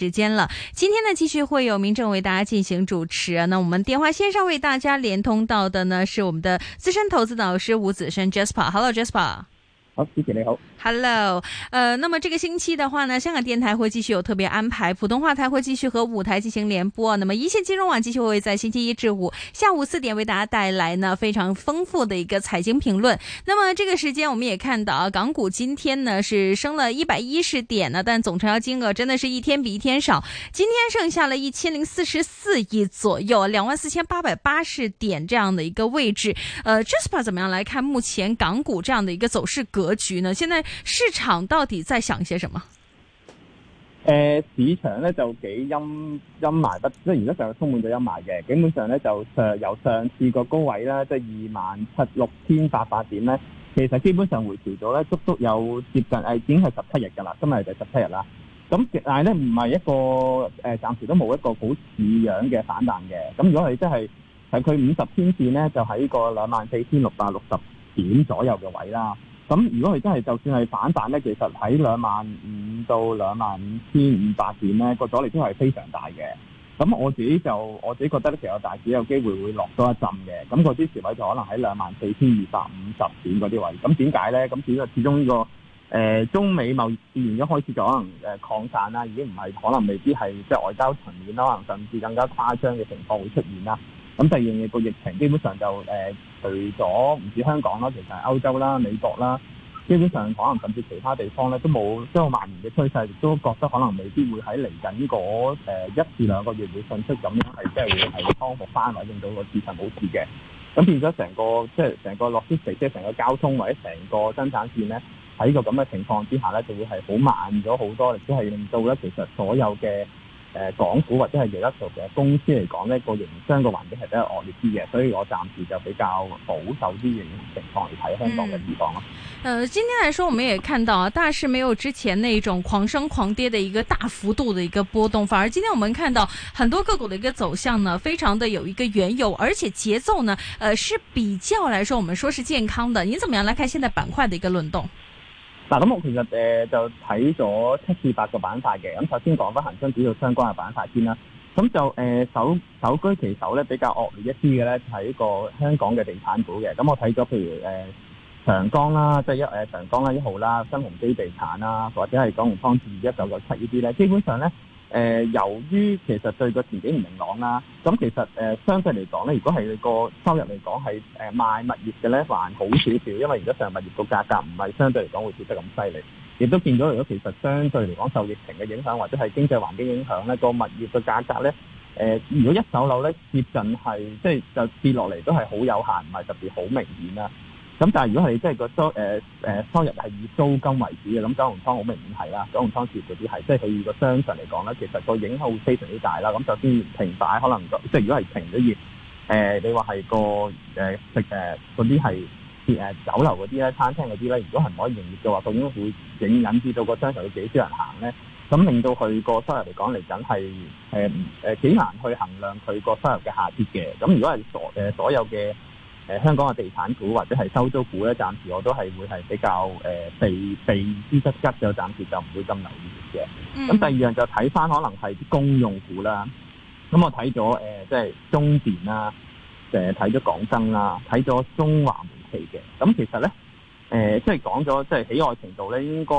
時間了，今天呢繼續會有民政為大家進行主持啊，那我們電話線上為大家連通到的呢是我們的資深投資導師吳子軒 Jasper，Hello Jasper。Jas 好，謝謝你好。Hello，誒、呃，那麼這個星期的話呢，香港電台會繼續有特別安排，普通話台會繼續和五台進行聯播。那麼一線金融網繼續會在星期一至五下午四點為大家帶來呢非常豐富的一個財經評論。那麼這個時間我們也看到啊，港股今天呢是升了一百一十點呢，但總成交金額真的是一天比一天少，今天剩下了一千零四十四億左右，兩萬四千八百八十點這樣的一個位置。呃 Jasper 怎麼樣來看目前港股這樣的一個走勢格？格局呢？現在市場到底在想些什麼？誒、呃，市場咧就幾陰陰霾不，即係而家就充滿咗陰霾嘅。基本上咧就誒、呃、由上次個高位啦，即係二萬七六千八百點咧，其實基本上回調咗咧，足足有接近誒、哎、已經係十七日噶啦，今日係第十七日啦。咁但係咧唔係一個誒暫、呃、時都冇一個好似樣嘅反彈嘅。咁如果係即係喺佢五十天綫咧，就喺個兩萬四千六百六十點左右嘅位啦。咁如果佢真係就算係反彈咧，其實喺兩萬五到兩萬五千五百點咧，個阻力都係非常大嘅。咁我自己就我自己覺得咧，其實大市有機會會落多一陣嘅。咁個支持位就可能喺兩萬四千二百五十點嗰啲位。咁點解咧？咁主要始終呢、這個誒、呃、中美貿易戰一開始就可能誒擴、呃、散啦，已經唔係可能未必係即係外交層面啦，可能甚至更加誇張嘅情況會出現啦。咁第二樣嘢個疫情基本上就誒。呃除咗唔止香港啦，其實係歐洲啦、美國啦，基本上可能甚至其他地方咧都冇即係蔓延嘅趨勢，亦都覺得可能未必會喺嚟緊嗰一至兩個月會迅速咁樣係即係會係康復翻或者令到個市場冇事嘅。咁變咗成個即係成個 logistics，即係成個交通或者成個生產線咧，喺個咁嘅情況之下咧，就會係好慢咗好多，亦都係令到咧其實所有嘅。誒，港股或者係有一度嘅公司嚟講呢個，營商個環境係比較惡劣啲嘅，所以我暫時就比較保守啲嘅情況嚟睇香港嘅市況咯。誒，今天嚟講，我們也看到啊，大市沒有之前那種狂升狂跌嘅一個大幅度嘅一個波動，反而今天我們看到很多個股嘅一個走向呢，非常的有一個原有，而且節奏呢，誒、呃，是比較嚟講，我們說是健康的。你點樣嚟看現在板塊嘅一個輪動？嗱，咁、啊、我其實誒、呃、就睇咗七至八個板塊嘅，咁、嗯、首先講返恒生指數相關嘅板塊先啦。咁、嗯、就誒首首居其首咧，比較惡劣一啲嘅咧，就係、是、呢個香港嘅地產股嘅。咁、嗯、我睇咗譬如誒、呃、長江啦，即係一誒、呃、長江啦一號啦、新鴻基地產啦，或者係港龍方置一九九七呢啲咧，基本上咧。誒、呃，由於其實對個前景唔明朗啦，咁其實誒、呃、相對嚟講咧，如果係個收入嚟講係誒賣物業嘅咧，還好少少，因為而家上物業個價格唔係相對嚟講會跌得咁犀利，亦都變咗。如果其實相對嚟講受疫情嘅影響或者係經濟環境影響咧，個物業嘅價格咧，誒、呃、如果一手樓咧接近係即係就跌落嚟都係好有限，唔係特別好明顯啊。咁但係如果係即係個租誒、呃、收入係以租金為主嘅，咁九龍倉好明顯係啦，九龍倉涉及啲係，即係佢個商場嚟講咧，其實個影響會非常之大啦。咁、嗯、首先停擺可能，即係如果係停咗業，誒、呃、你話係個誒食誒嗰啲係誒酒樓嗰啲咧、餐廳嗰啲咧，如果係唔可以營業嘅話，究竟會影引致到個商場有幾少人行咧？咁、嗯、令到佢個收入嚟講嚟緊係誒誒幾難去衡量佢個收入嘅下跌嘅。咁如果係所誒所有嘅。誒、呃、香港嘅地產股或者係收租股咧，暫時我都係會係比較誒避避之不及嘅，暫時就唔會咁留意嘅。咁、嗯、第二樣就睇翻可能係公用股啦。咁我睇咗誒，即係中電啦、啊，誒睇咗港燈啦、啊，睇咗中華煤氣嘅。咁、嗯、其實咧，誒即係講咗，即係喜愛程度咧，應該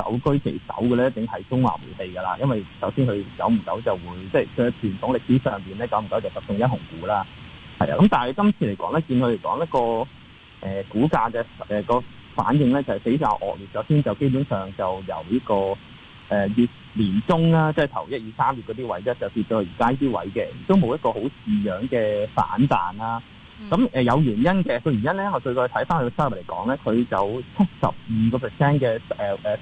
首居其首嘅咧，一定係中華煤氣噶啦。因為首先佢久唔久就會即係佢傳統歷史上邊咧，久唔久就十送一紅股啦。係啊，咁但係今次嚟講咧，見佢嚟講一個誒股價嘅誒個反應咧，就係比較惡劣咗，先就基本上就由呢、這個誒月、呃、年中啦，即係頭一二三月嗰啲位咧，就跌到而家啲位嘅，都冇一個好似樣嘅反彈啦。咁誒、嗯、有原因嘅，個原因咧，我再再睇翻佢收入嚟講咧，佢有七十二個 percent 嘅誒誒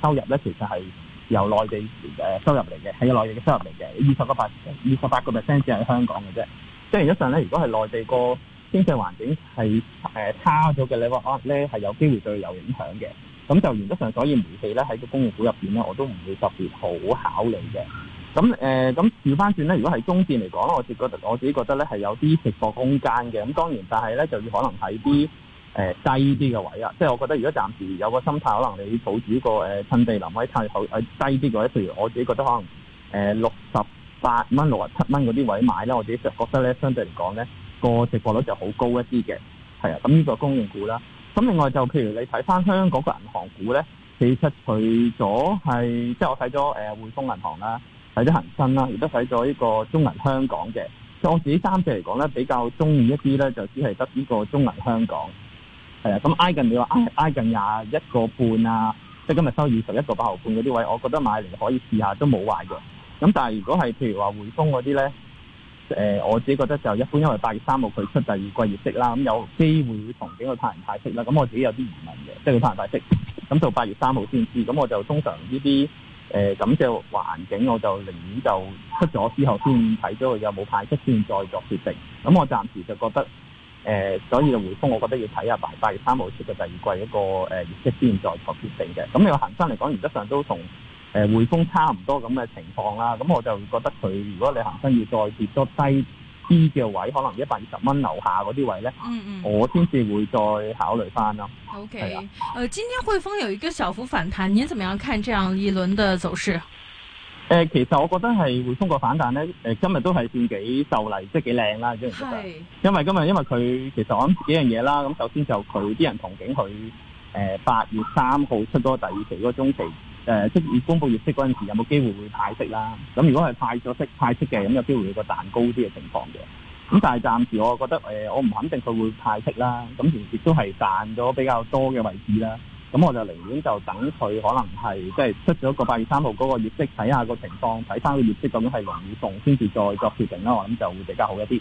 收入咧，其實係由內地誒收入嚟嘅，係內地嘅收入嚟嘅，二十個百二十八個 percent 只係香港嘅啫。即係原則上咧，如果係內地個經濟環境係誒差咗嘅，你話可能咧係有機會對佢有影響嘅。咁就原則上，所以煤氣咧喺個公用股入邊咧，我都唔會特別好考慮嘅。咁誒，咁轉翻轉咧，如果係中線嚟講，我自覺得我自己覺得咧係有啲食貨空間嘅。咁當然，但係咧就要可能喺啲誒低啲嘅位啊。即係我覺得，如果暫時有個心態，可能你抱住個誒、呃、趁地臨位趁好誒低啲位，譬如我自己覺得可能誒六十呃八蚊六啊七蚊嗰啲位買咧，我自己就覺得咧，相對嚟講咧，個折價率就好高一啲嘅，係啊。咁、嗯這個、呢個公用股啦，咁另外就譬如你睇翻香港嘅銀行股咧，其實除咗係，即係我睇咗誒匯豐銀行啦，睇咗恒生啦，亦都睇咗呢個中銀香港嘅。所以我自己三隻嚟講咧，比較中意一啲咧，就只係得呢個中銀香港。係啊，咁、嗯、挨近你話挨挨近廿一個半啊，即係今日收二十一個八毫半嗰啲位，我覺得買嚟可以試下，都冇壞嘅。咁但係如果係譬如話匯豐嗰啲咧，誒、呃、我自己覺得就一般，因為八月三號佢出第二季業績啦，咁、嗯、有機會會同幾個派人派息啦，咁、嗯、我自己有啲疑問嘅，即係佢派人派息，咁、嗯、到八月三號先知，咁、嗯、我就通常呢啲誒咁嘅環境，我就寧願就出咗之後先睇咗佢有冇派息，先再作決定。咁、嗯、我暫時就覺得誒、呃，所以嘅匯豐，我覺得要睇下八八月三號出嘅第二季一個誒業績先再作決定嘅。咁你話恒生嚟講，原則上都同。誒、呃，匯豐差唔多咁嘅情況啦，咁、嗯、我就覺得佢如果你行生要再跌多低啲嘅位，可能一百二十蚊樓下嗰啲位咧，嗯嗯、我先至會再考慮翻咯。OK，誒啦、呃，今天匯豐有一個小幅反彈，您怎麼樣看這樣一輪嘅走勢？誒、呃，其實我覺得係匯豐個反彈咧，誒、呃，今日都係算幾受嚟，即係幾靚啦。係是，因為今日因為佢其實我諗幾樣嘢啦，咁首先就佢啲人憧憬佢，誒、呃，八月三號出多第二期嗰中期。誒、呃、即月公布業績嗰陣時，有冇機會會派息啦？咁如果係派咗息派息嘅，咁有機會有個彈高啲嘅情況嘅。咁但係暫時我覺得誒、呃，我唔肯定佢會派息啦。咁同時都係賺咗比較多嘅位置啦。咁我就寧願就等佢可能係即係出咗個八月三號嗰個業績，睇下個情況，睇翻個業績究竟係容易動，先至再作決定啦。我諗就會比較好一啲。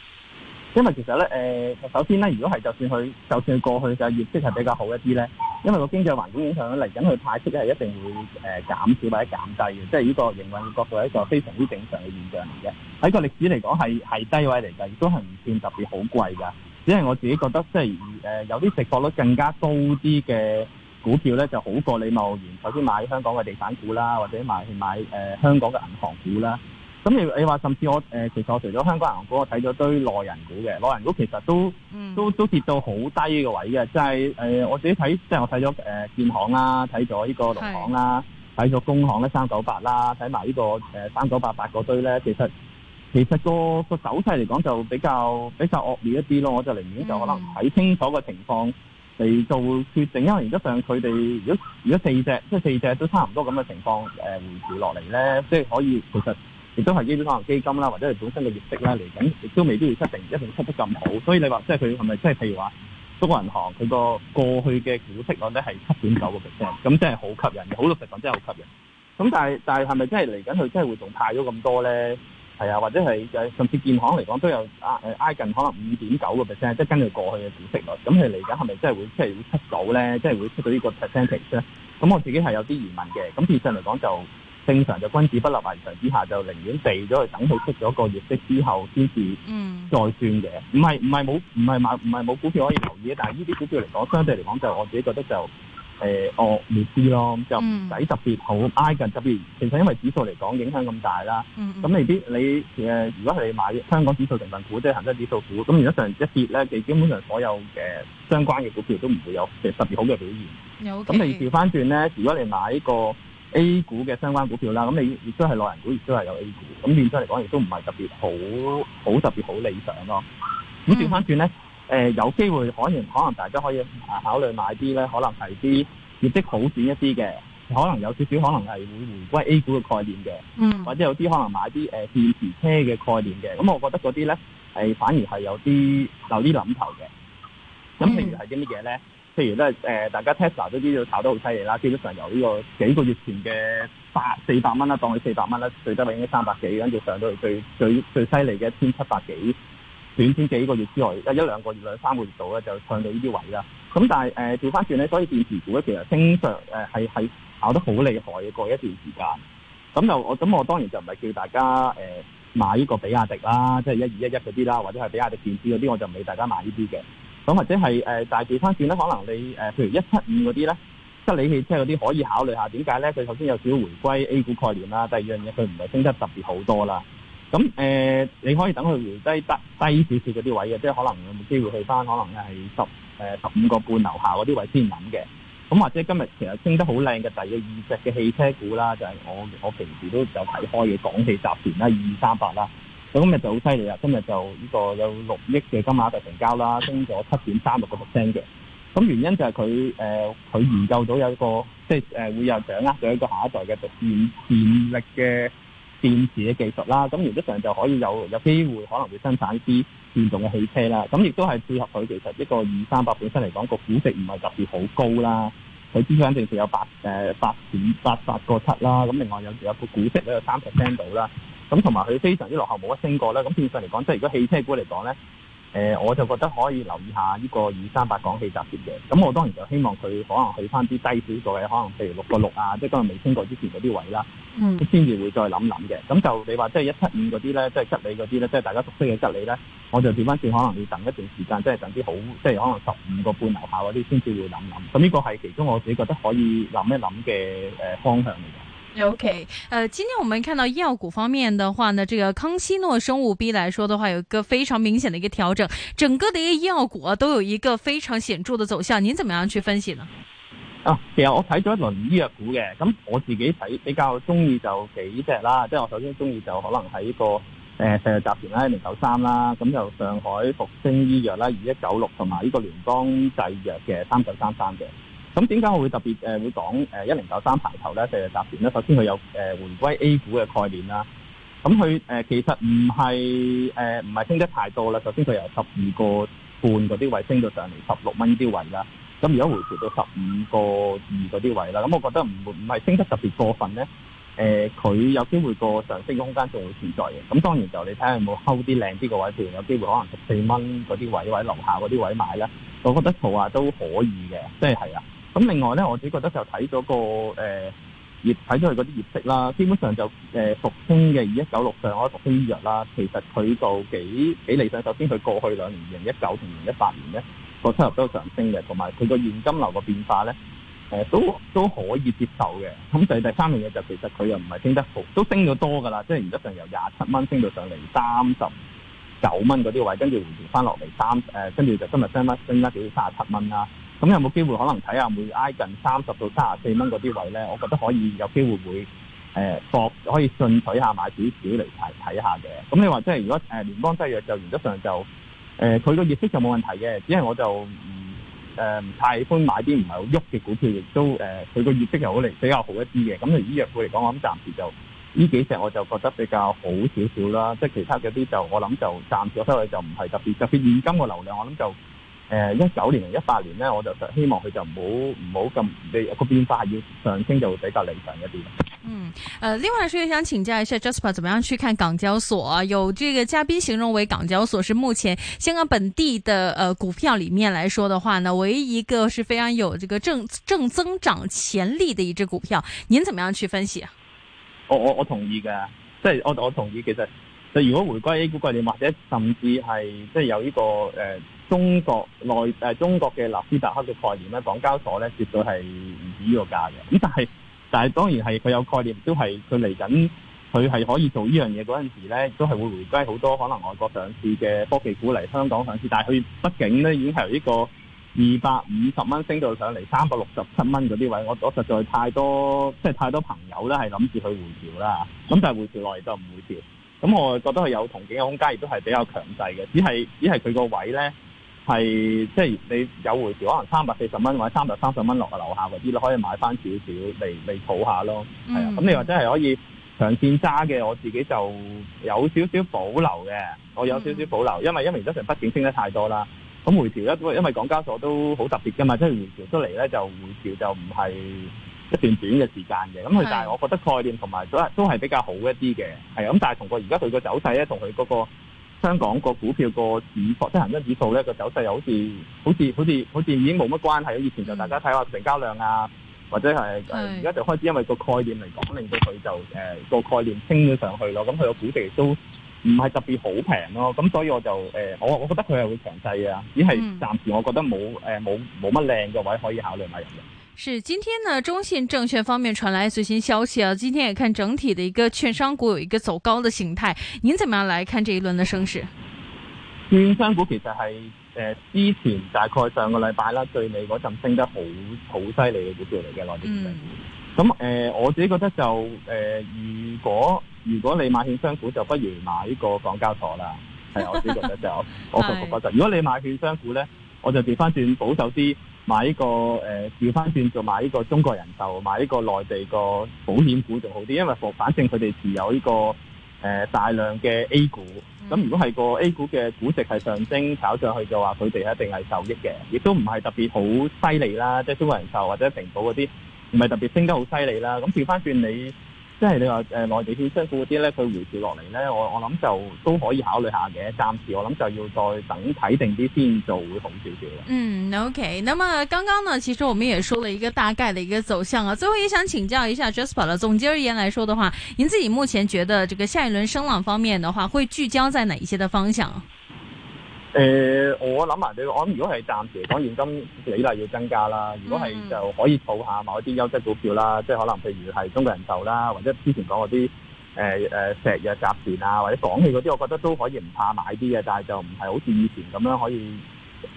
因為其實咧，誒、呃，首先咧，如果係就算佢，就算佢過去嘅業績係比較好一啲咧，因為個經濟環境影響嚟緊，佢派息咧係一定會誒減、呃、少或者減低嘅，即係呢個營運角度係一個非常之正常嘅現象嚟嘅。喺、這個歷史嚟講係係低位嚟㗎，亦都係唔算特別好貴㗎。只係我自己覺得，即係誒、呃、有啲市況率更加高啲嘅股票咧，就好過你貿然首先買香港嘅地產股啦，或者買去買誒香港嘅銀行股啦。咁你你話甚至我誒，其實我除咗香港銀行股，我睇咗堆內人股嘅內人股，其實都都都跌到好低嘅位嘅，即係誒我自己睇，即係我睇咗誒建行啦，睇咗呢個農行啦，睇咗工行咧三九八啦，睇埋呢個誒三九八八嗰堆咧，其實其實個個走勢嚟講就比較比較惡劣一啲咯，我就寧願就可能睇清楚個情況嚟做決定，因為原則上佢哋如果如果四隻即係四隻都差唔多咁嘅情況誒回調落嚟咧，即係可以其實。亦都係基啲可能基金啦，或者係本身嘅業績啦嚟緊，亦都未必會出定一定出得咁好。所以你話即係佢係咪即係譬如話中國銀行佢個過去嘅股息率咧係七點九個 percent，咁真係好吸引，好到實講真係好吸引。咁但係但係係咪真係嚟緊佢真係會仲派咗咁多咧？係啊，或者係誒，甚至建行嚟講都有挨挨、啊啊、近可能五點九個 percent，即係根據過去嘅股息率。咁佢嚟緊係咪真係會即係會出到咧？即係會出到呢個 percentage 咧？咁我自己係有啲疑問嘅。咁事實嚟講就。正常就君子不立危牆之下，就寧願避咗佢，等佢出咗個業績之後，先至再算嘅。唔係唔係冇唔係買唔係冇股票可以留意啊！但係呢啲股票嚟講，相對嚟講就我自己覺得就誒，我未知咯，就唔使特別好挨近特別。其實因為指數嚟講影響咁大啦，咁未必你誒，如果係買香港指數成分股，即係恒生指數股，咁如果上一跌咧，其基本上所有嘅相關嘅股票都唔會有誒特別好嘅表現。有咁你調翻轉咧，如果你買一個。A 股嘅相關股票啦，咁你亦都係內銀股，亦都係有 A 股，咁變相嚟講，亦都唔係特別好，好特別好理想咯、啊。咁調返轉咧，誒、hmm. 呃，有機會可能可能大家可以啊考慮買啲咧，可能係啲業績好轉一啲嘅，可能有少少可能係會回歸 A 股嘅概念嘅，mm hmm. 或者有啲可能買啲誒電池車嘅概念嘅，咁我覺得嗰啲咧係反而係有啲有啲諗頭嘅。咁譬如係啲乜嘢咧？Mm hmm. 譬如咧，誒、呃、大家 Tesla 都知道炒得好犀利啦，基本上由呢個幾個月前嘅八四百蚊啦，當佢四百蚊啦，最低位應該三百幾，跟住上到最最最犀利嘅一千七百幾，短短幾個月之外，一一兩個月兩三個月度咧就上到呢啲位啦。咁但係誒調翻轉咧，所以電池股咧其實經常誒係係炒得好厲害嘅過一段時間。咁就我咁我當然就唔係叫大家誒、呃、買呢個比亞迪啦，即係一二一一嗰啲啦，或者係比亞迪電子嗰啲，我就唔理大家買呢啲嘅。咁或者係誒、呃、大地翻轉咧，可能你誒、呃、譬如一七五嗰啲咧，吉利汽車嗰啲可以考慮下，點解咧？佢首先有少少回歸 A 股概念啦，第二樣嘢佢唔係升得特別好多啦。咁誒、呃，你可以等佢回低低低少少嗰啲位嘅，即係可能有冇機會去翻可能係十誒十五個半樓下嗰啲位先諗嘅。咁、嗯、或者今日其實升得好靚嘅第二隻嘅汽車股啦，就係、是、我我平時都有睇開嘅廣汽集團啦、二三八啦。咁今日就好犀利啊！今日就呢個有六億嘅金額嘅成交啦，升咗七點三六個 percent 嘅。咁原因就係佢誒佢研究到有一個即係誒會有掌握咗一個下一代嘅電電力嘅電池嘅技術啦。咁原則上就可以有有機會可能會生產啲電動嘅汽車啦。咁亦都係配合佢其實一個二三百本身嚟講個估值唔係特別好高啦。佢之前淨係有八誒八點八八個七啦。咁另外有時有個股息都有三十 percent 到啦。咁同埋佢非常之落後，冇得升過啦，咁變相嚟講，即係如果汽車股嚟講咧，誒、呃、我就覺得可以留意下呢個二三八廣汽集團嘅。咁我當然就希望佢可能去翻啲低少少嘅，可能譬如六個六啊，即係今日未升過之前嗰啲位啦，先至、嗯、會再諗諗嘅。咁就你話即係一七五嗰啲咧，即係吉利嗰啲咧，即係大家熟悉嘅吉利咧，我就調翻轉，可能要等一段時間，即係等啲好，即係可能十五個半樓下嗰啲先至會諗諗。咁呢個係其中我自己覺得可以諗一諗嘅誒方向嚟嘅。O K，誒，okay. uh, 今天我們看到醫藥股方面的話呢，這個康希諾生物 B 來說的話，有一個非常明顯的一個調整，整個的一個醫藥股、啊、都有一個非常顯著的走向，您怎麼樣去分析呢？啊，其實我睇咗一輪醫藥股嘅，咁我自己睇比較中意就幾隻啦，即係我首先中意就可能喺個誒石藥集團啦，一零九三啦，咁、嗯、又上海復星醫藥啦，二一九六同埋呢個聯邦製藥嘅三九三三嘅。咁點解我會特別誒會講誒一零九三排頭咧？誒集團咧，首先佢有誒回歸 A 股嘅概念啦。咁佢誒其實唔係誒唔係升得太多啦。首先佢由十二個半嗰啲位升到上嚟十六蚊啲位㗎。咁而家回調到十五個二嗰啲位啦。咁我覺得唔唔係升得特別過分咧。誒佢有機會個上升空間仲會存在嘅。咁當然就你睇下有冇睺啲靚啲個位，譬如有機會可能十四蚊嗰啲位或者樓下嗰啲位買咧。我覺得圖話都可以嘅，即係係啊。咁另外咧，我自己覺得就睇咗個誒業，睇咗佢嗰啲業績啦。基本上就誒復星嘅，二一九六上開復星醫藥啦。其實佢就幾幾理想。首先佢過去兩年，二零一九同二零一八年咧個收入都上升嘅，同埋佢個現金流個變化咧誒都都可以接受嘅。咁就第三樣嘢就其實佢又唔係升得少，都升咗多㗎啦。即係而家由由廿七蚊升到上嚟三十九蚊嗰啲位，跟住回調翻落嚟三誒，跟住就今日升啦升啦少少三十七蚊啦。咁、嗯、有冇機會可能睇下每挨近三十到三十四蚊嗰啲位呢？我覺得可以有機會會誒博、呃，可以進取下買少少嚟睇下嘅。咁、嗯、你話即係如果誒聯、呃、邦製藥就原則上就誒佢個業績就冇問題嘅，只係我就唔誒唔太喜歡買啲唔係好喐嘅股票，亦都誒佢個業績又好嚟比較好一啲嘅。咁就醫藥股嚟講，我諗暫時就呢幾隻我就覺得比較好少少啦。即係其他嗰啲就我諗就暫時收佢就唔係特別特別現金嘅流量，我諗就。誒一九年一八年呢，我就希望佢就唔好唔好咁，你、那個變化要上升就比較理想一啲。嗯，誒、呃，另外想請教一下 Jasper，怎麼樣去看港交所、啊、有？這個嘉賓形容為港交所是目前香港本地的誒、呃、股票裡面來說的話呢，唯一一個是非常有這個正正增長潛力的一支股票。您怎麼樣去分析啊？我我我同意㗎，即係我我同意。其實，就如果回歸股價嚟，或者甚至係即係有呢、這個誒。呃中國內誒、啊、中國嘅納斯達克嘅概念咧，港交所咧絕對係唔止呢個價嘅。咁但係但係當然係佢有概念，都係佢嚟緊佢係可以做呢樣嘢嗰陣時咧，都係會回歸好多可能外國上市嘅科技股嚟香港上市。但係佢畢竟咧已經係由呢個二百五十蚊升到上嚟三百六十七蚊嗰啲位，我我實在太多即係太多朋友咧係諗住去回調啦。咁但係回調落嚟就唔回調。咁、嗯、我覺得佢有憧憬嘅空間，亦都係比較強勢嘅。只係只係佢個位咧。係即係你有回調，可能三百四十蚊或者三百三十蚊落去樓下嗰啲咯，可以買翻少少嚟嚟儲下咯。係啊，咁、mm hmm. 你話真係可以長線揸嘅，我自己就有少少保留嘅。我有少少保留，mm hmm. 因為因為而家成筆股升得太多啦。咁回調咧，因為港交所都好特別嘅嘛，即、就、係、是、回調出嚟咧就回調就唔係一段短嘅時間嘅。咁佢、mm hmm. 但係我覺得概念同埋都係都係比較好一啲嘅。係咁，但係同、那個而家佢個走勢咧，同佢嗰個。香港個股票個指數，即恆生指數咧個走勢又好似好似好似好似已經冇乜關係，以前就大家睇下成交量啊，或者係而家就開始因為個概念嚟講，令到佢就誒個、呃、概念升咗上去咯，咁佢個估值都唔係特別好平咯，咁所以我就誒我、呃、我覺得佢係會強勢啊，只係暫時我覺得冇誒冇冇乜靚嘅位可以考慮買入嘅。是，今天呢，中信證券方面傳來最新消息啊。今天也看整體的一個券商股有一個走高的形態，您怎麼樣來看這一輪的升勢？券商股其實係誒之前大概上個禮拜啦，最尾嗰陣升得好好犀利嘅股票嚟嘅內地券商股。咁誒，我自己覺得就誒，如果如果你買券商股，就不如買呢個港交所啦。係我自己覺得就，我個覺得，如果你買券商股咧，我就變翻轉保守啲。買呢個誒調翻轉，就、呃、買呢個中國人壽，買呢個內地個保險股就好啲，因為反反正佢哋持有呢個誒、呃、大量嘅 A 股，咁、嗯、如果係個 A 股嘅股值係上升炒上去，就話佢哋一定係受益嘅，亦都唔係特別好犀利啦。即係中國人壽或者平保嗰啲，唔係特別升得好犀利啦。咁調翻轉你。即係你話誒、呃、內地啲商股嗰啲咧，佢回調落嚟咧，我我諗就都可以考慮下嘅。暫時我諗就要再等睇定啲先做會好少少。嗯，OK。那麼剛剛呢，其實我們也說了一個大概的一個走向啊。最後也想請教一下 Jasper 啦。The, 總結而言來說的話，您自己目前覺得這個下一輪升浪方面的話，會聚焦在哪一些的方向？誒、呃，我諗埋你，我諗如果係暫時嚟講現金比例要增加啦，如果係就可以儲下某一啲優質股票啦，嗯、即係可能譬如係中國人壽啦，或者之前講嗰啲誒誒石藥集團啊，或者港企嗰啲，我覺得都可以唔怕買啲嘅，但係就唔係好似以前咁樣可以誒，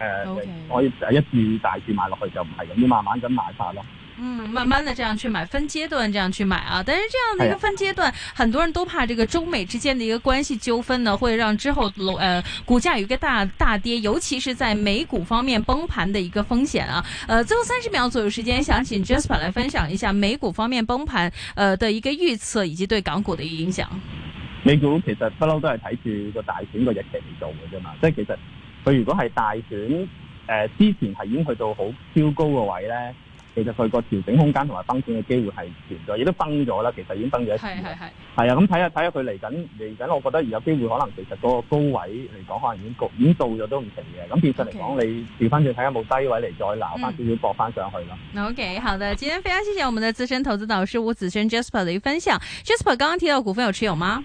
呃、Okay. 可以一注大注買落去就唔係咁，要慢慢咁買法咯。嗯，慢慢的這樣去買，分階段這樣去買啊。但是這樣的一個分階段，很多人都怕這個中美之間的一個關係糾紛呢，會讓之後樓呃股價有一個大大跌，尤其是在美股方面崩盤的一個風險啊。呃，最後三十秒左右時間，想請 Jasper 來分享一下美股方面崩盤呃的一個預測，以及對港股的一個影響。美股其實不嬲都係睇住個大選個日期嚟做嘅啫嘛，即係其實佢如果係大選，呃、之前係已經去到好超高嘅位咧。其實佢個調整空間同埋崩穿嘅機會係存在，亦都崩咗啦。其實已經崩咗一次。係係係。係啊，咁睇下睇下佢嚟緊嚟緊，我覺得而有機會可能其實嗰個高位嚟講，可能已經局已經到咗都唔停嘅。咁其實嚟講，Okay. 你調翻轉睇下冇低位嚟再撈翻少少，搏翻、嗯、上去咯。OK，好嘅，今天非常謝謝我們嘅資深投資導師吳子軒 Jasper 嘅分享。Jasper 剛剛提到股份有持有嗎？